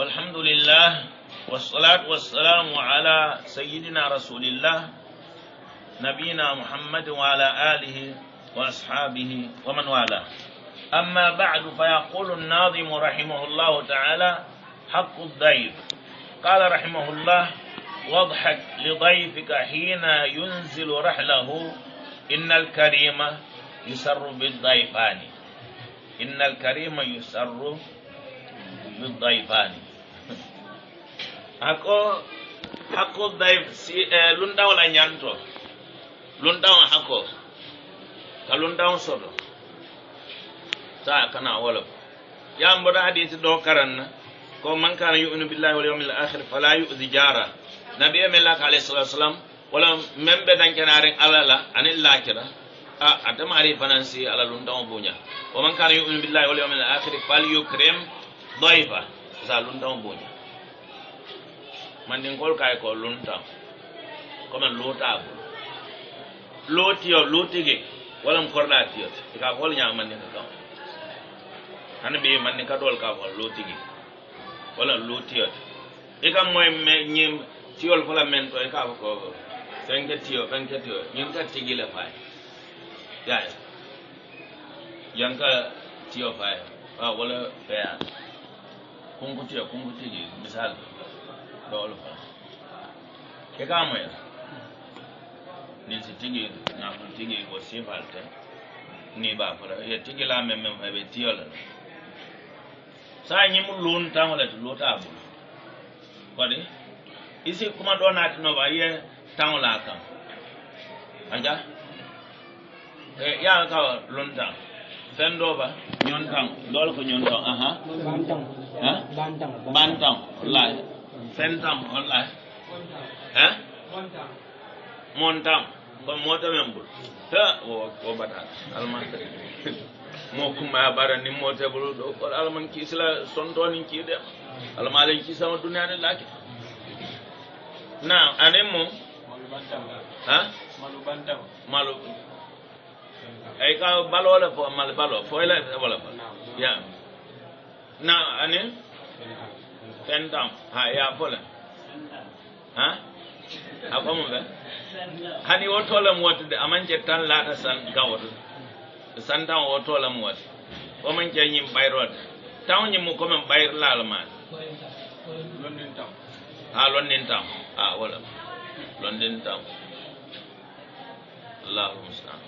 والحمد لله والصلاة والسلام على سيدنا رسول الله نبينا محمد وعلى آله وأصحابه ومن والاه أما بعد فيقول الناظم رحمه الله تعالى حق الضيف قال رحمه الله واضحك لضيفك حين ينزل رحله إن الكريم يسر بالضيفان إن الكريم يسر بالضيفان hako hako daif si eh, lundaw la nyanto lundaw hako ka lundaw sodo ta kana wala ya mboda hadisi do karanna ko man kana yu'minu billahi wal yawmil akhir fala yu'zi jara nabi melaka alayhi salatu wasalam wala men be kenarin alala anil lakira a adama ari fanansi ala lundaw bunya wa man kana yu'minu billahi wal yawmil akhir fal yukrim dhaifa sa lundaw bunya mandinkol kay ko lunta comme lootago lootiyo lootige walam korɗa tiyot ka kol ñama mandinka kam hani ɓe mandinka ɗol ka ko lootige wala lootiyot i kam moye ñim tiyol fola men to i ka ko fenke tiyo fenke tiyo ñin ka tigile faye yaye yanka tiyo faye a ah, wala feya kunku tiyo kunku tigi misal loolu kekamoya nin si tigi naful tigi ko sifalte eh? ni ihe tigila ye ebe la men men be tiyo la sa nyi mu lon ta wala lo ta bu ko isi kuma do na tino ba ye tan la kan anja e, ya aka lon ta fen do ba nyon tan lol ko nyon aha bantam ha bantam fentam holla e montam kon mootamen ɓol ha o bata almanta mo kumaya bara ni mootebol ɗo kon alaman kiisila sontonin kiiɗem alamaalen kiisama duniya ni laake na anen mo ha malu ay ka balole fo mal balo foyla wala ya na anen sentan ha ya folen ha a ɓamo ɓe hani wo tolam wat de amanke tan laata san gawat santan wo tolam wat omanke ñim ɓayrode taw ñimmo comme ɓayr laalamaade ha londin tam a wala londin tam allahu mustaan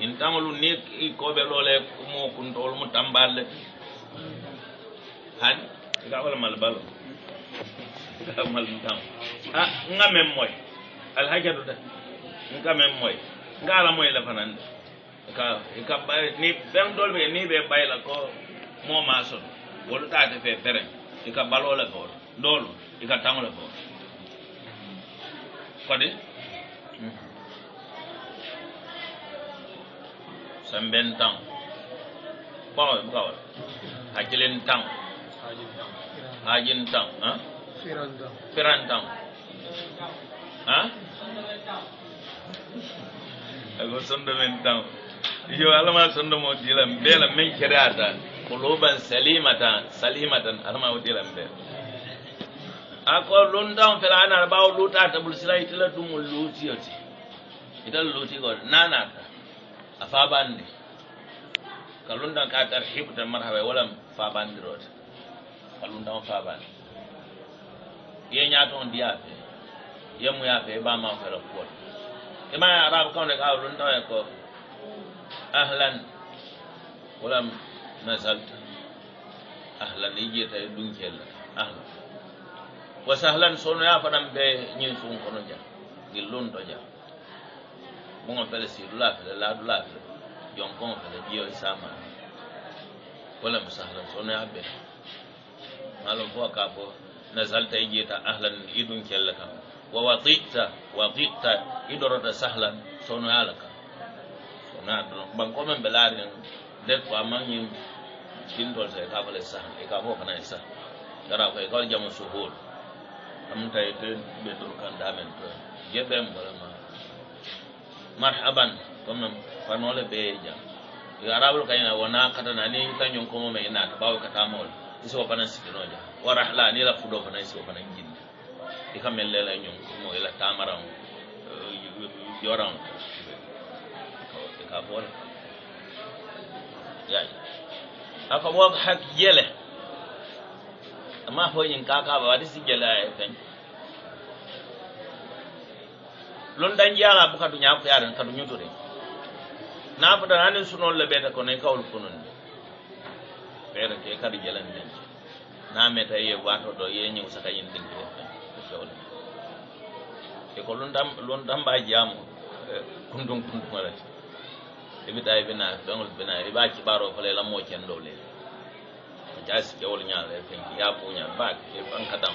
in tamalu ni koɓe lole mo kuntowol mu tamballe hani gawal malbalo gawal dam ha ah, nga mem moy al hajadu da nga mem moy nga la moy la fanan ka ka bay ni ben dol be ni be bay la ko mo ma so wolu ta te fe fere ka balo la ko dolu ka tango la ko kodi mm-hmm. samben tang bon gawal hakilin tang Hajintan. Ha? Firantang. Firantang. Ha? Ago sundamentang. Yo alama sundamo dilam bela men kirata. Quluban salimatan salimatan alama dilam bela. Ako lundan firana bawo luta ta bulsila itila dumul lutiyoti. Idan luti go nana afabandi. Kalundan ka tarhibu tan marhaba wala fabandi rota. kalundaŋo fa bani i ye ñaatoŋo di a fɛ i ye mu ye a fɛ i baa maŋ fɛla kuwo la i maŋ ye arabu kaŋo le ka a luntaŋo ye ko ahlan walam nazalta ahlan i jeeta i dunkeel la ahlan wa sahlan sonoya fanaŋ be ñiŋ suŋ kono ja gillunto ja buŋo fele siidula fele laadula fele jonkoŋo fele jiyo i saama walam sahlan sonoya bee malam fo kafo nasalta ta ahlan idun kella kam wa watita watita idorota sahlan sono alaka kam sono ban ko men belari de ko amanyi kindol sai ka bale sahlan e ka fo kana isa dara ko e ko jamu suhul am tay e te be dur kan damen to jebem wala ma marhaban comme fanole be jam arabul kayna wana katana ni kanyon komo me ina bawo kata mawla iso fanan sitinoja warahla ni la fudo fanan iso fanan jinna ikamen lela ñon mo ila tamaran uh, yoran ka bol yayi aka wadhak yele amma hoyin kaka ba wadi si jela ay tan lon dan yala buka dunya ko yaran kadu nyutore na fada nanin sunon labeta ko ne kawul kunun fere ke kadi jalan den na meta ye wato do ye nyu saka yin din ke shawla ke ko lon dam lon dam ba jamu kundum kundum ala ci ibita ay bina dongol bina ri ba ci baro fa le eh, la mo ci ndo le jas ke wol nya le fen ya bu nya ba ke fan kadam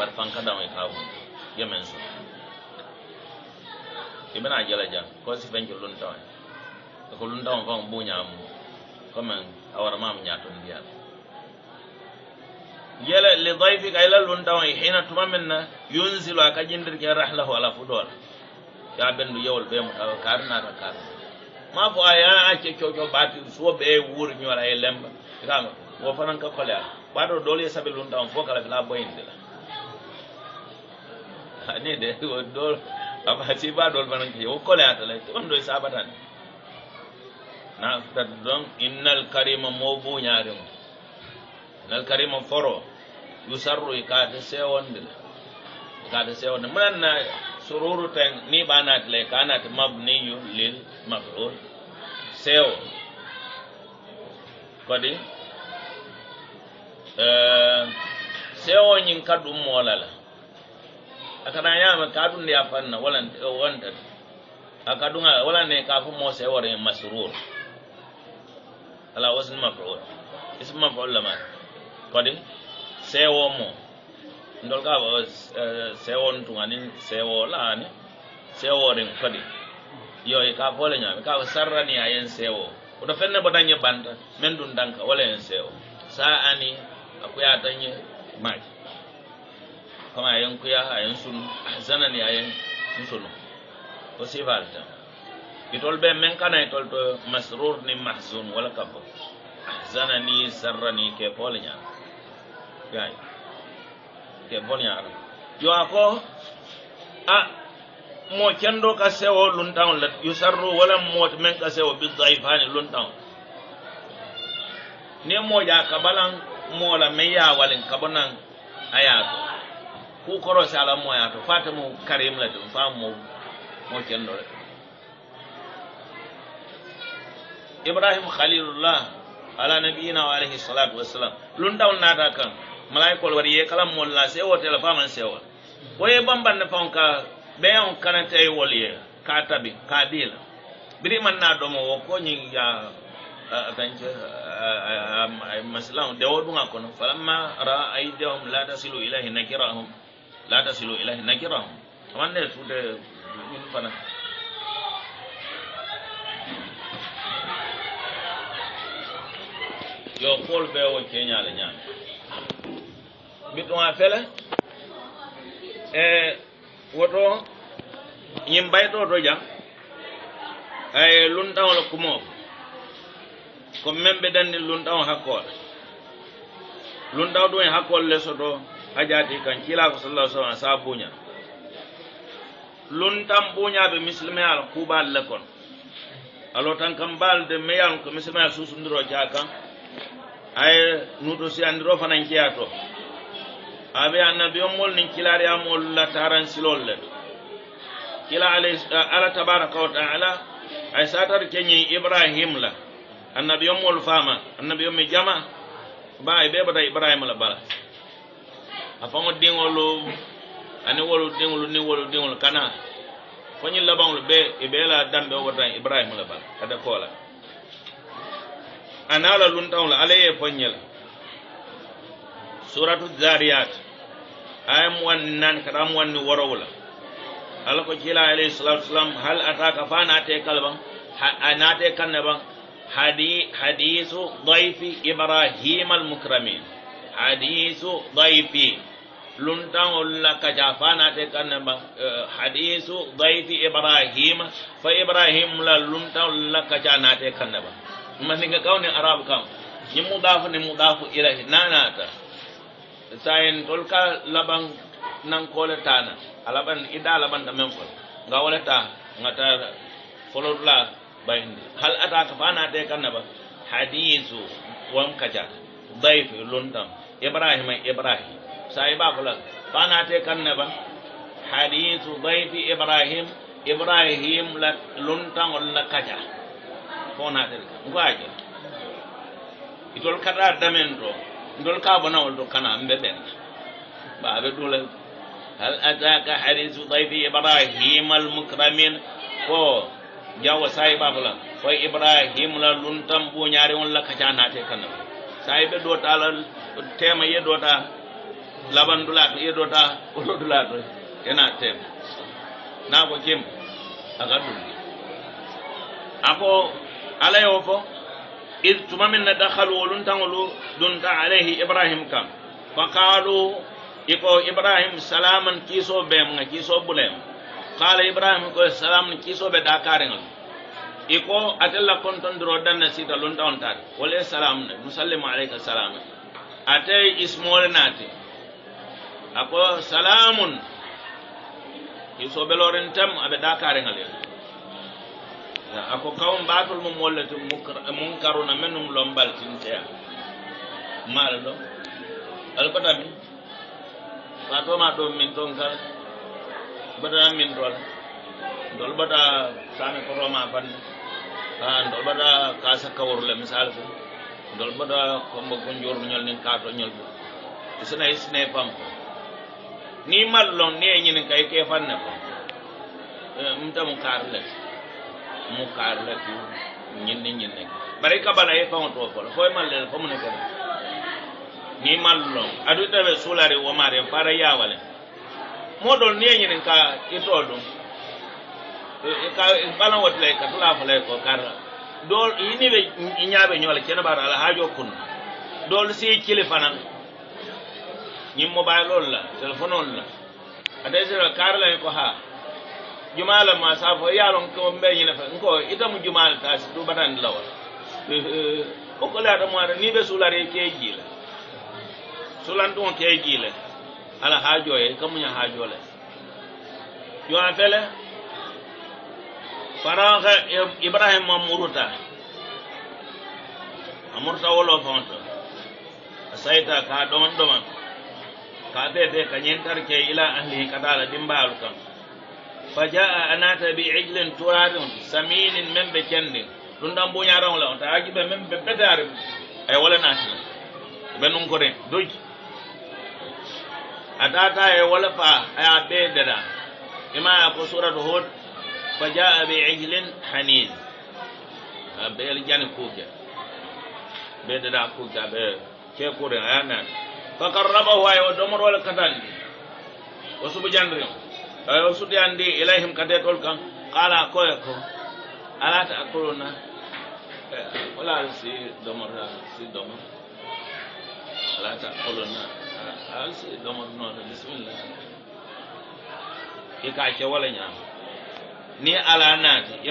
bar fan kadam ay kawu ye men so ibina jala jam ko si fen ci lon taw ko lon taw fa bu nya mu faman awar mam nyaton dia yala li dhaifi ka ila lun dawai hina tumamenna yunzilu akajindir ke rahlahu ala fudol ya du yawol be mutaw karna ta kar ma fo aya ake coco bati so be wur nyora e lemba kama wo fanan ka kolya bado dole sabe lun dawan fo kala fila boyinde la ani de wo dol aba ci ba dol fanan ki wo kolya ta la on do sabatan na don innal karima mobu nyarim nal karima foro yusarru ka ta sewon dil ka ta sewon mun na sururu tan ni banat le kanat mabniyu lil maf'ul sew kodi eh sewo nyin kadum molala akana yama kadun ya fanna wala eh, wanda akadunga wala ne kafu mo sewore masrur على وزن مفعول اسم مفعول لما كودي سيو مو ndol ka ba sewon tunganin uh, sewo laani sewo rin kodi yo e ka fole nyame ka ba sarrani ayen sewo oto fenne botanye banta men dun danka wala en sewo sa ani akuya tanye maji kama ayen kuya ayen sun zanani ayen sunu o sivalta itol ɓe min kana itol to masrur ni mahzun wala kabo ahzana ni sarra ni ke pole ñar gay ke bol ñar jowa ko a mo cendo ka sewo luntaw la yusarru wala mot min ka sewo bidaifani luntaw ni moƴa kabalan moola min yawalin kabo nan a yato ku koro si ala mo yato fatamu karim la tum fa mo mo cendo la ibrahim khalilullah ala nabiyina wa alayhi salatu wassalam lun dawl nata kan malaikol wari ye kalam molla se o tele faman se o wo ye bambande fon ka be on kanata e wol ye ka tabi ka dila biri man na domo wo ko nyi ya tanke maslam de wo dunga kono falamma ra aidahum la tasilu ilahi nakirahum la tasilu ilahi nakirahum amande sude min fana yo fol ɓe wo ceñale ñaame mbit ɗuma fele e woto ñim mbayɗo to jam e, ay lunɗaw la kumoofo ko memɓe dandi lunɗaw hakkoɗa lunɗaw ɗum e hakkole lesoto ha jaati kan cilako sallah sallam sa buña luntan buñaɓe muslimé ala kuuɓal lekon alors tan kam mbalde meyalm ko muslimé a susudiro ca kan ay nuɗo si andiro fanan keyato aɓe annabiyomol nin kilari amol lataran silol le kila ala tabaraka wa taala ay satar keñi ibrahim la annabiyomol fama annabiyomi jama ba ay ɓeɓata ibrahima la bala a famo diŋolu ani wolu diŋolu ni wolu diŋolu kana foñin labaŋolu ɓe ɓe la dambe wotan ibrahima la bala kada koola anala luntaŋo la alla ye foñe la suratu zariyat aya muwanni naani ka taa muwanni worowo la alla ko cila alayhi salatu wasalam hal ataka fa naate kal baŋ a naate kaŋ ne baŋ hadisu dayfi ibrahima almukramin hadisu dayfi luntaŋol la kaja fa naate kaŋ ne baŋ hadisu dayfi ibrahima fa ibrahim la luntaŋol la kaja naate kaŋ ne baŋ masinga kawne arab kam ni mudafu ni mudafu ilahi ta sayin tolka laban nan kole tana alaban ida alaban da men fol ga wala ta ngata folodla bayindi hal ataka fana de kannaba hadisu wam kaja daif londam ibrahim ibrahim sai ba kula fana te kannaba hadisu daif ibrahim ibrahim la luntan wala kaja fonaɗen waajo idol kada damen ɗo idol ka bonawol ɗo kana mbe ɓenna baɓe ɗula hal ataka hadisu Ibrahim Al almukramin ko oh, jawo sayi babla koye ibrahima la luntam ɓuñaari on lakkaca naate kana sayi ɓe ɗotala tema yeɗota labandulato yeɗota olodulato ena tema nako kim aga ɗulli ako alay o fo id tuma min na dahalu olun tangolu dunta alayhi ibrahim kam fa qalu iko ibrahim salaman kiso bemga kiso bulem qala ibrahim ko salam kiso be dakarengal iko atella konton dro danna sita lon taw tan wala salam ne musallimu alayka salam atay ismol nati ako salamun kiso be lorentam abe dakarengal yo ako kawum batol mum wolle to munkaruna men um lombal tinteya maala ɗo alkota min fatoma ɗo min ton kala batana min tol ndol bata sami kotoma fande a ndol bata kasa kaworle misal fo dol bata komba ko jorɓuñol nin katoñol ɗo isana isne pam ni mallon ni e ñinin kay ke fanne ko mtamu karles mu kaar la fi ñinni ñinni bari ka bala e faŋo to fola fo mal len fo mu ne kene ni mal lon adu tabe sulari wo mare fara yawale mo dol ne ñinin ka ito dum ka balan wotle ka tula fala ko kar do ini be ñaabe ñola kene bara ala hajo kun dol si kili fanan ñim mobile la telephone la adesira kar la ko ha jumaa e la ma saa fo ye a loŋ ko n bɛ fa fɛ nko ita mu jumaa la taa e, situ e, bata ni la wa o ko laata mu ara ni bɛ sulare k'e ji la sulantuŋo k'e ji la ala haajo ye ka mu ɲa haajo la jɔn fɛlɛ faraŋa ibrahim ma muruta a muruta wolo fɛn to a sayita k'a dɔmɔn dɔmɔn k'a bɛɛ bɛɛ ka ɲɛ ke ila ahlihi kata taa la dimbaalu kan. faja'a anata bi ijlin turadin saminin men be kende dun dan bo nyara wala ta aji be men be bedar ay wala nati be nun ko den doj atata ay e wala fa ay be dada ima e ko suratu hud faja'a bi ijlin hanin be el jani ko ke be dada ko wasu Eh, ayo suɗi andi ilayhim kade tol kan qala koye ko alata akuluna eh, wala si domorta eh, si domor alata akuluna al si domor noto bisimillah i ka ce wala ñaama ni ala naati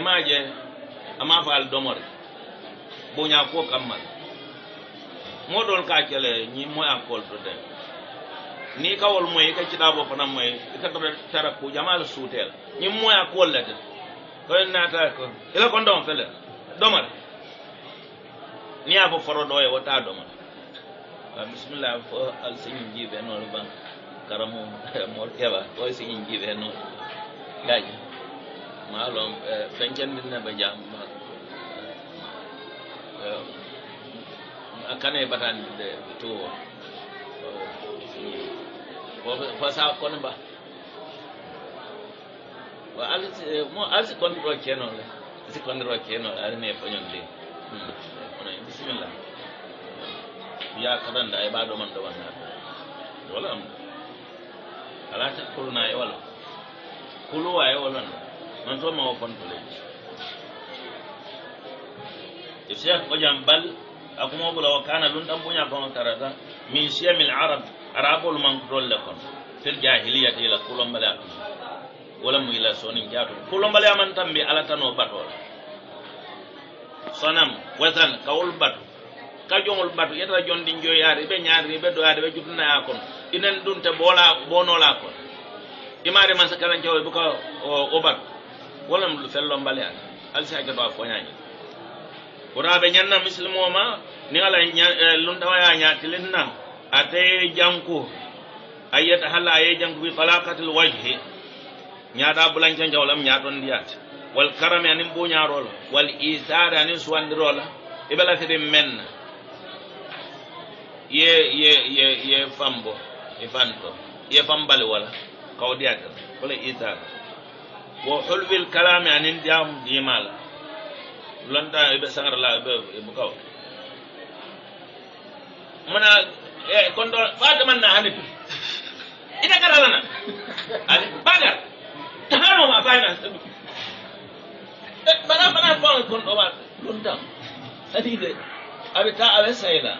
ama ni ka wol moy ka kitabo fana moy ka to tara ko jamal sutel ni moy akol la de ko na ta ko ila ko ndon fele domar ni abo foro do e wata domar bismillah fo al sinin jibe no ban karamu mor keba ko sinin jibe no gaji malom fenjen eh, min na ba jam akane eh, batan de to eh, fasa kwanin ba wa alisi kwanin ruwa kenan le alisi kwanin ruwa kenan ari ne fanyon le wani bismillah ya kadan da ai ba domin da wannan wala am alata kurna ai wala kulu ai wala man to ma wafan to le ifsiya ko jambal akuma bula wa kana lun dan bunya ban karata min siyamil arab araɓol manko tolle kon sel jahiliyat ila kulombale a tum wolamu ila sonin jaatu kulombale aman tan be ala tano batola sonam wasan kawol batu kajoŋol batu yetata jondin joyaari ɓe ñaarini ɓe doyaade ɓe jutunaya kon inen ɗunte boola bonola kon imaari man sakalan cawo buka o batu wolam fellombale ata alsagato a foñañi wotaɓe ñannam muslimo ma ni ala eh, lundawaya ñaatilin nam a taye janko ayiyata hala aye janko wi falakatel wajhe ñaɗa bulanca jawlam ñaɗon ndiyate wal karame anin boñarola wal isare anin suwandirola ɓeɓelaseɗe menna ye ye ye ye fambo e fanto ye fambale wala kaw diyatel kola isare wo holwil kalame anin diyam dimala lonta ɓe sagrala ɓe kaw mana e gonɗo fade man na hande tuf ina garalana ali bagar tahanoma fayna mana mana fon gonɗoma lundam adide aɓe ta aɓe sayla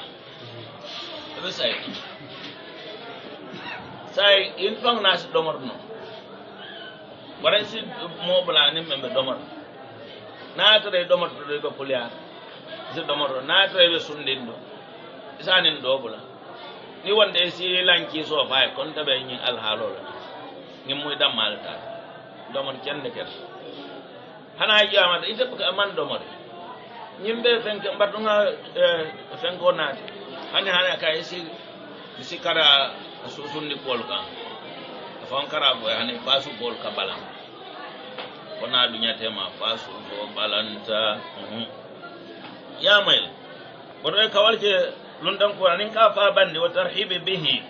aɓe sayla say in ɗon nasi ɗomorno waɗay si moblani men ɓe ɗomorno naatore ɗomortoɗo ɓe puliyar si ɗomorto naatore ɓe sundin ɗo sanin ɗo bula ni wonde e siri lanki so fay kon tabe ñin alhaalola ñin muy do mon kenn ker hana jiyamata ite ko man domore ñin ɓe fenke mbaɗɗuga eh, fenko naati hani hana ka esi isi kara su sunni pol ka fon kara bo hani fasu polka ka balan kona duñatema fasu bo balanta mhm. yamayl bodo kawal ke lundan kuranin ka fa bande wa tarhibi bihi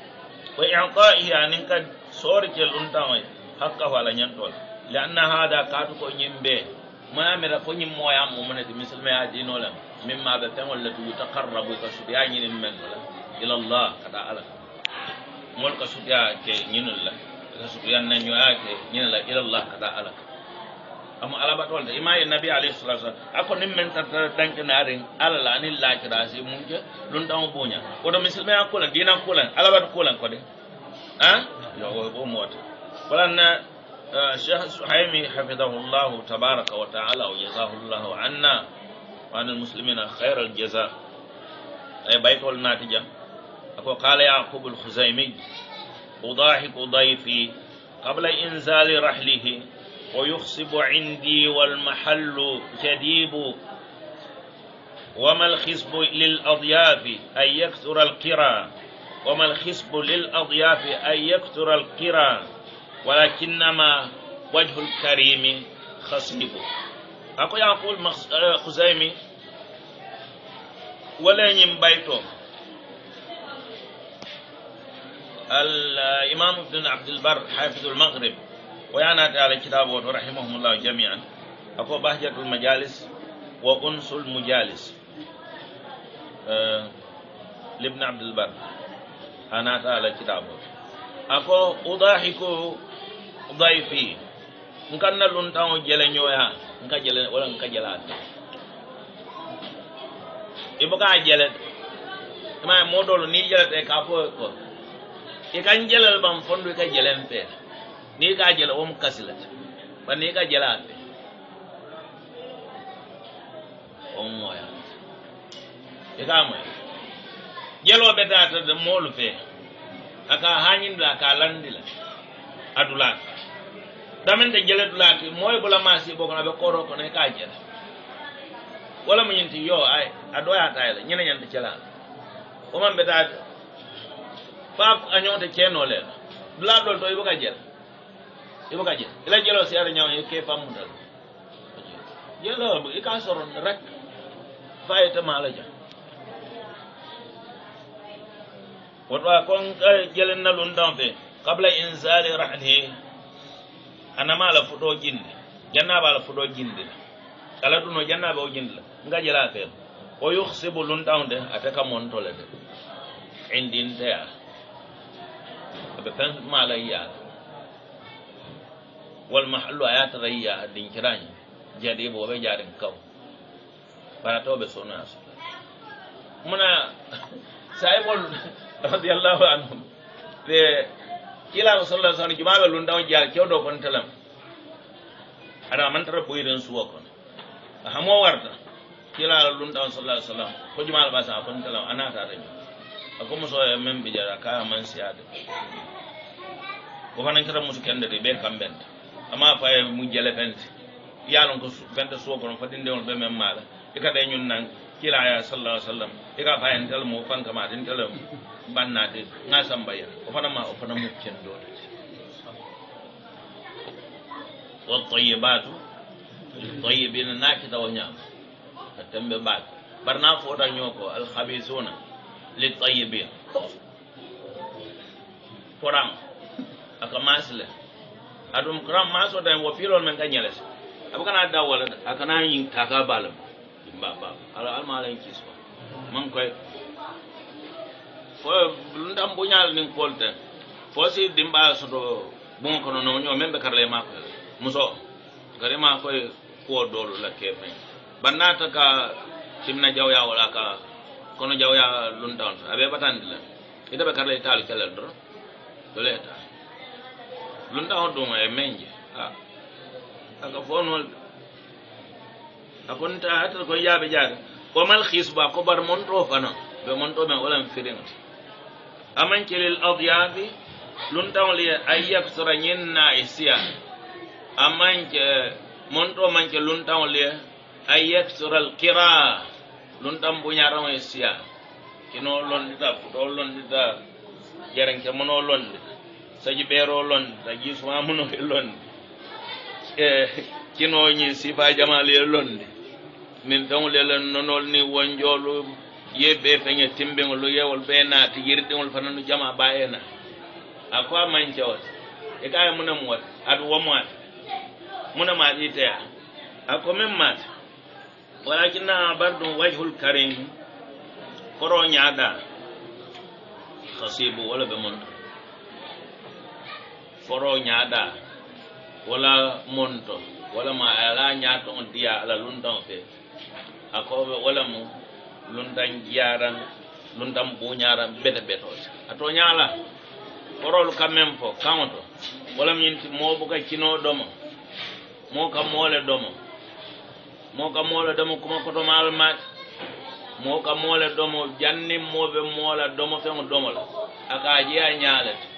wa i'ta'ihi anin ka sori ke lundan mai hakka wala la anna hada ka to ko nyimbe mana mera ko nyim moya mo mana di misalma ya n'o la mimma da tan wala du taqarrabu ka su ya nyin men wala ila allah kada ala mol ka su ya ke nyinul la ka su ya nan yo ya ke nyinul la ila allah kada ala amu alaba tol ima ye nabi alayhi salatu wasallam ako nim men tata danke narin ala la ni la kira si munje lun dawo bonya ko do muslima ya kula dina kula alaba kula ko de han yo go bo mota wala walanna شيخ سحيمي حفظه الله تبارك وتعالى وجزاه الله عنا وعن المسلمين خير الجزاء أي بيت والناتجة أكو قال يعقوب الخزيمي أضاحك ضيفي قبل إنزال رحله ويخصب عندي والمحل جديب وما الخصب للأضياف أن يكثر القرى وما الخصب للأضياف أن يكثر القرى ولكنما وجه الكريم خصيب أقول يقول آه، خزيمي ولا ينبيتو الإمام ابن عبد البر حافظ المغرب wa yana ta ala kitab wa rahimahumullah jami'an akwa bahjatul majalis wa unsul mujalis libn eh, abdul bar hana ta ala kitab akwa udahiku udahifi mkanna luntangu jela nyoya mkajela wala mkajela ati ibu ka jela ima ya modolo ni jela teka apwa ikan jela lbam fondu ikan jela ni ga jela wom kasila ba ni ga jela ate on moya e ga moya jelo beta ta de molu fe aka hanyin da ka landila adula damen de jela dula ke moy bula masi bokona be koro ko ne ka jela wala mo nyinti yo ay adoya ta yela nyene nyanti jela o man beta fa a ñoote ceenoo leen dulaa dool to yi bëgg a jel ibo ka jeg ila jelo si ara ñawo ke pamudal jelo bu ika soron rek fayeta ma la jam wat wa kon ka jelen na lun dan fe qabla inzali rahdi ana mala fudo jinni janna bala fudo jinni kala duno janna bo jinni nga jela fe o yuxsibu lun dan de ataka mon tole de indin de a be pen mala yaa wal mahallu ayata rayya dinkirani jadi bo be jarin kaw bara to be sonu aso muna saibol radiyallahu anhu de kila rasulullah sallallahu alaihi wasallam jumabe lundaw jaa kewdo kon talam ara man tara boyiren suwa kon hamo warta kila lundaw sallallahu alaihi wasallam ko ba sa kon talam ana ta rayya ako muso men bijara ka man siade ko fanan kira musu kende de be kambenta ama faye mu jele fente yalon ko fente sogono fa dindewol ɓe men maɗa e kada ñun nan kilaya sallah sallam e ka fa hen telmo fankama ten tele bannade ga sambayya o fanama o fana muccen dode wattayibatu ayibina nakita o ñama attemɓe mbaat barna fota ñoko alhabisuna litayibina foran aka masle adum kram maso da wa filon men kanyales abu kana da wala akana yin taka balam ba ba ala almalan kiswa man koy fo ndam bunyal nin kolta fo si dimba so do bon kono no nyo membe karle ma ko muso kare ma ko ko dolo la kefe bannata ka simna jawya wala ka kono jawya lundon abe batandila ida be karle tal kelal do doleta lunta ho ɗum e men a aka fonol ta hat ko yaaɓe jaade ko bar kobar to fana be ɓe monto men olan firinti aman kelel adyafi luntaol ye a yaksora ñenna e siya amanke monto manke luntaol ye a yaksora alkira luntan buñarao e siya kino lonɗita futo jaring ke mono lonɗita saji ɓeero lon saji sumamunoye londe e eh, kinoñin sifa jamale londe min feŋolelen nonol ni wonjoolu ye ɓe feŋe timbeŋolu yewol ɓe naati yirɗiŋol fananu jama ba e naati a ko a mancewota e kaye munam wota aɗa womoata munam aɗi teya a ko min maata walakinnaha bar ɗum wajhul karim koro ñaaɗa hasibu wala ɓe monto foro ñaaɗa wala monto wala ma ala ñaton diya ala lundan fe akoɓe wala mu lundan jiyaran lundan buñaran bete betoje ato ñaala forol kam men fo kanto wala minti moɓoka cino ɗomo mo ka moole ɗomo mo ka moole ɗomo kuma kotomal maati mo ka moole ɗomo jannin moɓe moola ɗomo feŋ ɗomola aka jeya ñaalete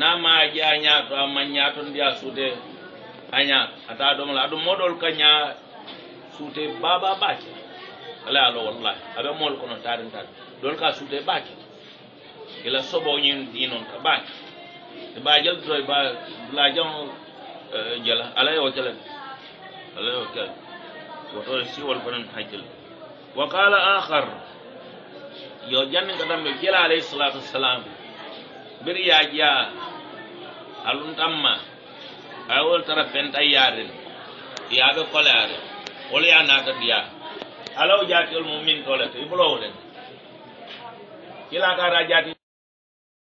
na ma ji a ñaato a man ñaaton ndi a suute a ñaat ata ɗomla aɗum moɗol ka ña suute baba baake ala alo wallahi aɓe mool kono tarintat ɗol ka suute baake ila soɓoñin dinon ka baake ba baajal toy ba lajan eh, jala ya, ala yo ya, kelen ala yo kelen woto siwol fanan hakkil wa qala akhar yo jannin kadamɓe jela alayhi salatu wassalam bir yaajiya alun tamma awal wol tara fenta yaarin yaabe koleyaare wolu yaa naata dia, alaw jaatiyol mu min tole to i bulowo den